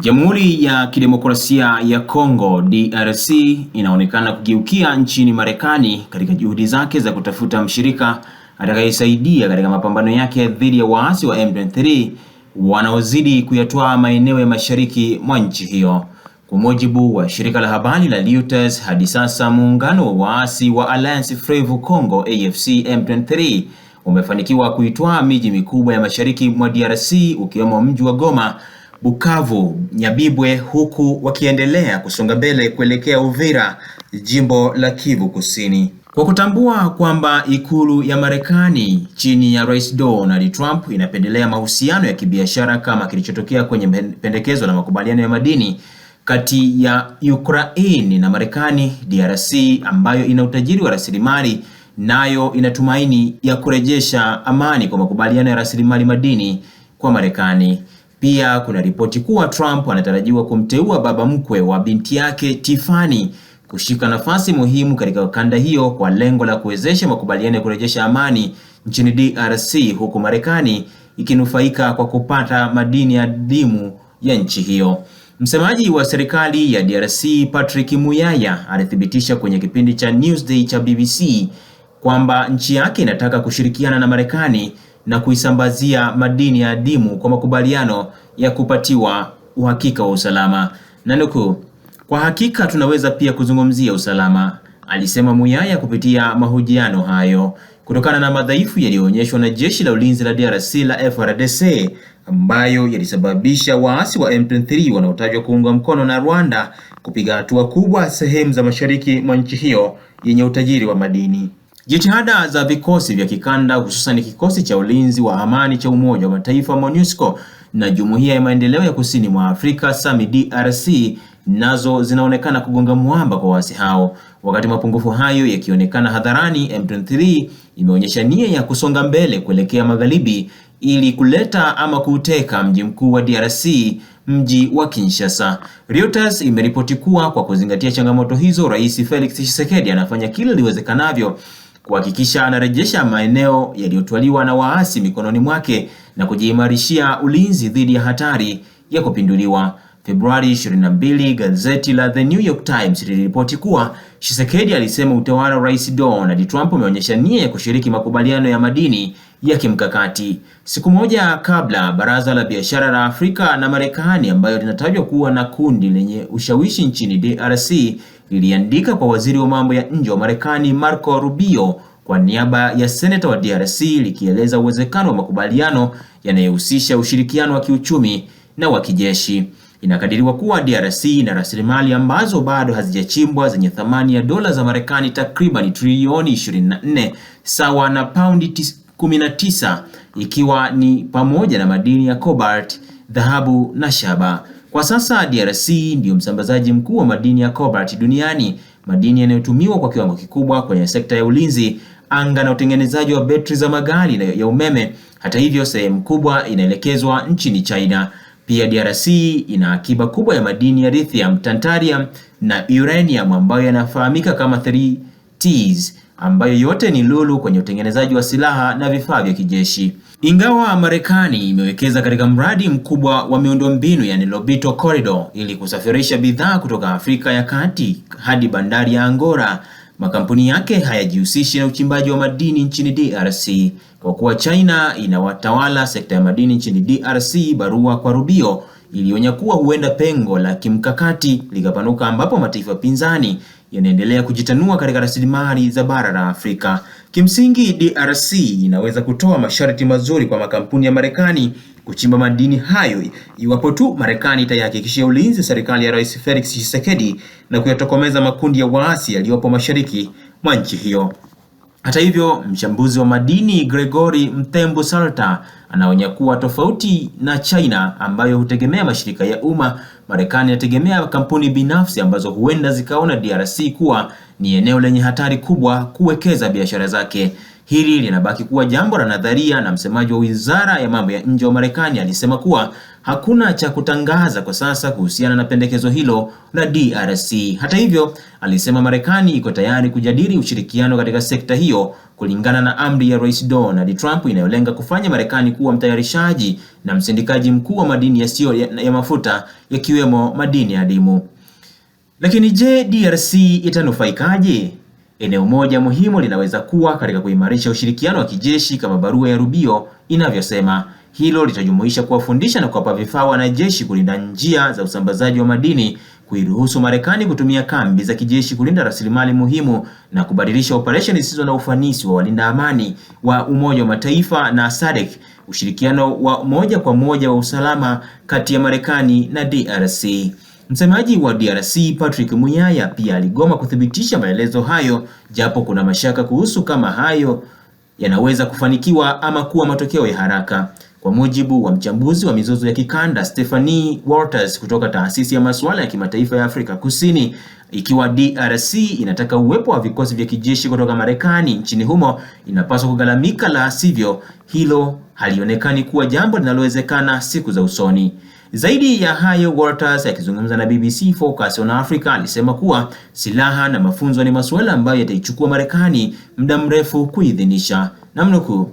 Jamhuri ya Kidemokrasia ya Kongo DRC inaonekana kugeukia nchini Marekani katika juhudi zake za kutafuta mshirika atakayesaidia katika mapambano yake dhidi ya waasi wa M23 wanaozidi kuyatoa maeneo ya mashariki mwa nchi hiyo. Kwa mujibu wa shirika la habari la Reuters, hadi sasa muungano wa waasi wa Alliance Fleuve Congo AFC M23 umefanikiwa kuitwaa miji mikubwa ya mashariki mwa DRC ukiwemo mji wa Goma Bukavu, Nyabibwe huku wakiendelea kusonga mbele kuelekea Uvira, jimbo la Kivu Kusini. Kwa kutambua kwamba ikulu ya Marekani chini ya Rais Donald Trump inapendelea mahusiano ya kibiashara kama kilichotokea kwenye pendekezo la makubaliano ya madini kati ya Ukraine na Marekani, DRC ambayo ina utajiri wa rasilimali nayo inatumaini ya kurejesha amani kwa makubaliano ya rasilimali madini kwa Marekani. Pia kuna ripoti kuwa Trump anatarajiwa kumteua baba mkwe wa binti yake Tiffany kushika nafasi muhimu katika kanda hiyo kwa lengo la kuwezesha makubaliano ya kurejesha amani nchini DRC huku Marekani ikinufaika kwa kupata madini adimu ya nchi hiyo. Msemaji wa serikali ya DRC Patrick Muyaya alithibitisha kwenye kipindi cha Newsday cha BBC kwamba nchi yake inataka kushirikiana na Marekani na kuisambazia madini ya adimu kwa makubaliano ya kupatiwa uhakika wa usalama. Na nukuu, kwa hakika tunaweza pia kuzungumzia usalama, alisema Muyaya kupitia mahojiano hayo kutokana na madhaifu yaliyoonyeshwa na jeshi la ulinzi la DRC la FARDC ambayo yalisababisha waasi wa M23 wanaotajwa kuunga mkono na Rwanda kupiga hatua kubwa sehemu za mashariki mwa nchi hiyo yenye utajiri wa madini. Jitihada za vikosi vya kikanda hususan kikosi cha ulinzi wa amani cha Umoja wa Mataifa MONUSCO na Jumuiya ya Maendeleo ya Kusini mwa Afrika SAMI DRC nazo zinaonekana kugonga mwamba kwa waasi hao. Wakati mapungufu hayo yakionekana hadharani, M23 imeonyesha nia ya kusonga mbele kuelekea magharibi ili kuleta ama kuuteka mji mkuu wa DRC, mji wa Kinshasa. Reuters imeripoti kuwa kwa kuzingatia changamoto hizo, Rais Felix Tshisekedi anafanya kila liwezekanavyo kuhakikisha anarejesha maeneo yaliyotwaliwa na waasi mikononi mwake na kujiimarishia ulinzi dhidi ya hatari ya kupinduliwa. Februari 22, gazeti la The New York Times liliripoti kuwa Tshisekedi alisema utawala wa Rais Donald Trump umeonyesha nia ya kushiriki makubaliano ya madini ya kimkakati. Siku moja kabla, Baraza la Biashara la Afrika na Marekani ambayo linatajwa kuwa na kundi lenye ushawishi nchini DRC liliandika kwa waziri wa mambo ya nje wa Marekani Marco Rubio kwa niaba ya seneta wa DRC likieleza uwezekano wa makubaliano yanayohusisha ushirikiano wa kiuchumi na wa kijeshi. Inakadiriwa kuwa DRC ina rasilimali ambazo bado hazijachimbwa zenye thamani ya dola za Marekani takriban trilioni 24 sawa na paundi 19 ikiwa ni pamoja na madini ya cobalt, dhahabu na shaba. Kwa sasa DRC ndiyo msambazaji mkuu wa madini ya cobalt duniani, madini yanayotumiwa kwa kiwango kikubwa kwenye sekta ya ulinzi, anga na utengenezaji wa betri za magari ya umeme. Hata hivyo, sehemu kubwa inaelekezwa nchini China. Pia DRC ina akiba kubwa ya madini ya lithium, tantalium na uranium ambayo yanafahamika kama 3Ts ambayo yote ni lulu kwenye utengenezaji wa silaha na vifaa vya kijeshi. Ingawa Marekani imewekeza katika mradi mkubwa wa miundombinu ya Lobito Corridor ili kusafirisha bidhaa kutoka Afrika ya Kati hadi bandari ya Angora, makampuni yake hayajihusishi na uchimbaji wa madini nchini DRC kwa kuwa China inawatawala sekta ya madini nchini DRC. Barua kwa Rubio ilionya kuwa huenda pengo la kimkakati likapanuka ambapo mataifa pinzani yanaendelea kujitanua katika rasilimali za bara la Afrika. Kimsingi, DRC inaweza kutoa masharti mazuri kwa makampuni ya Marekani kuchimba madini hayo iwapo tu Marekani itaihakikishia ulinzi serikali ya Rais Felix Tshisekedi na kuyatokomeza makundi ya waasi yaliyopo mashariki mwa nchi hiyo. Hata hivyo, mchambuzi wa madini Gregory Mtembo Salta anaonya kuwa tofauti na China ambayo hutegemea mashirika ya umma, Marekani inategemea kampuni binafsi ambazo huenda zikaona DRC kuwa ni eneo lenye hatari kubwa kuwekeza biashara zake. Hili linabaki kuwa jambo la nadharia na msemaji wa Wizara ya Mambo ya Nje wa Marekani alisema kuwa hakuna cha kutangaza kwa sasa kuhusiana na pendekezo hilo la DRC. Hata hivyo, alisema Marekani iko tayari kujadili ushirikiano katika sekta hiyo kulingana na amri ya Rais Donald Trump inayolenga kufanya Marekani kuwa mtayarishaji na msindikaji mkuu wa madini yasiyo ya, ya mafuta yakiwemo madini adimu. Lakini je, DRC itanufaikaje? Eneo moja muhimu linaweza kuwa katika kuimarisha ushirikiano wa kijeshi kama barua ya Rubio inavyosema. Hilo litajumuisha kuwafundisha na kuwapa vifaa wanajeshi kulinda njia za usambazaji wa madini, kuiruhusu Marekani kutumia kambi za kijeshi kulinda rasilimali muhimu na kubadilisha operesheni zisizo na ufanisi wa walinda amani wa Umoja wa Mataifa na SADC, ushirikiano wa moja kwa moja wa usalama kati ya Marekani na DRC. Msemaji wa DRC Patrick Muyaya pia aligoma kuthibitisha maelezo hayo, japo kuna mashaka kuhusu kama hayo yanaweza kufanikiwa ama kuwa matokeo ya haraka. Kwa mujibu wa mchambuzi wa mizozo ya kikanda Stephanie Walters kutoka taasisi ya masuala ya kimataifa ya Afrika Kusini, ikiwa DRC inataka uwepo wa vikosi vya kijeshi kutoka Marekani nchini humo, inapaswa kugharamika, la sivyo hilo halionekani kuwa jambo linalowezekana siku za usoni. Zaidi ya hayo, Walters akizungumza na BBC Focus on Africa alisema kuwa silaha na mafunzo ni masuala ambayo yataichukua Marekani muda mrefu kuidhinisha. Namnukuu,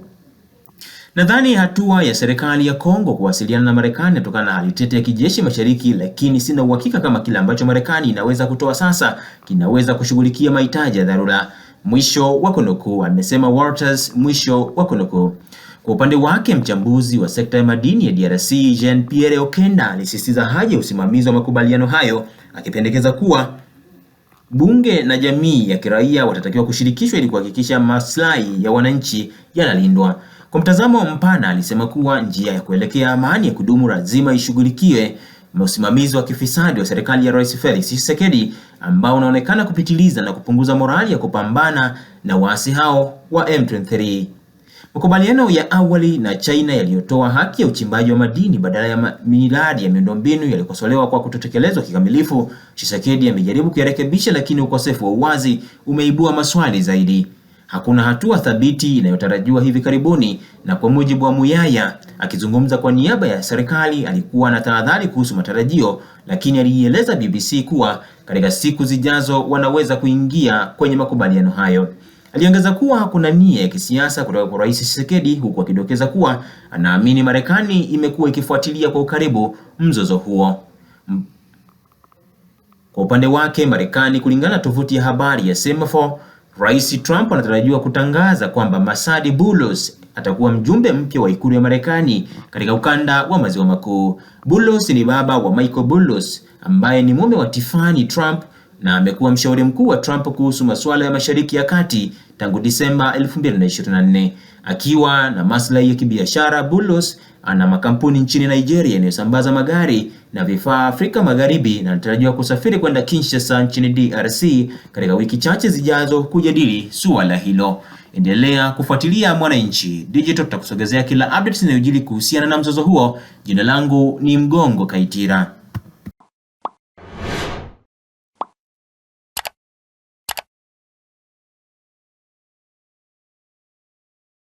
Nadhani hatua ya serikali ya Kongo kuwasiliana na Marekani kutokana na hali tete ya kijeshi mashariki, lakini sina uhakika kama kile ambacho Marekani inaweza kutoa sasa kinaweza kushughulikia mahitaji ya dharura. Mwisho wa kunukuu, amesema Walters, Mwisho wa kunukuu. Kwa upande wake mchambuzi wa sekta ya madini ya DRC Jean Pierre Okenda alisisitiza haja ya usimamizi wa makubaliano hayo, akipendekeza kuwa bunge na jamii ya kiraia watatakiwa kushirikishwa ili kuhakikisha maslahi ya wananchi yanalindwa. Kwa mtazamo mpana, alisema kuwa njia ya kuelekea amani ya kudumu lazima ishughulikiwe na usimamizi wa kifisadi wa serikali ya Rais Felix Tshisekedi ambao unaonekana kupitiliza na kupunguza morali ya kupambana na waasi hao wa M23. Makubaliano ya awali na China yaliyotoa haki ya uchimbaji wa madini badala ya miradi ya miundombinu yalikosolewa kwa kutotekelezwa kikamilifu. Tshisekedi amejaribu kuyarekebisha, lakini ukosefu wa uwazi umeibua maswali zaidi. Hakuna hatua thabiti inayotarajiwa hivi karibuni, na kwa mujibu wa Muyaya, akizungumza kwa niaba ya serikali, alikuwa na tahadhari kuhusu matarajio, lakini aliieleza BBC kuwa katika siku zijazo wanaweza kuingia kwenye makubaliano hayo. Aliongeza kuwa hakuna nia ya kisiasa kutoka kwa Rais Tshisekedi, huku akidokeza kuwa anaamini Marekani imekuwa ikifuatilia kwa ukaribu mzozo huo. Kwa upande wake, Marekani, kulingana na tovuti ya habari ya Semafor, Rais Trump anatarajiwa kutangaza kwamba Masadi Bulos atakuwa mjumbe mpya wa ikulu ya Marekani katika ukanda wa maziwa makuu. Bulos ni baba wa Michael Bulos ambaye ni mume wa Tiffany Trump na amekuwa mshauri mkuu wa Trump kuhusu masuala ya Mashariki ya Kati tangu Disemba 2024. Akiwa na maslahi ya kibiashara, Bulos ana makampuni nchini Nigeria yanayosambaza magari na vifaa Afrika Magharibi na anatarajiwa kusafiri kwenda Kinshasa nchini DRC katika wiki chache zijazo kujadili suala hilo. Endelea kufuatilia Mwananchi Digital, tutakusogezea kila update inayojili kuhusiana na mzozo huo. Jina langu ni Mgongo Kaitira.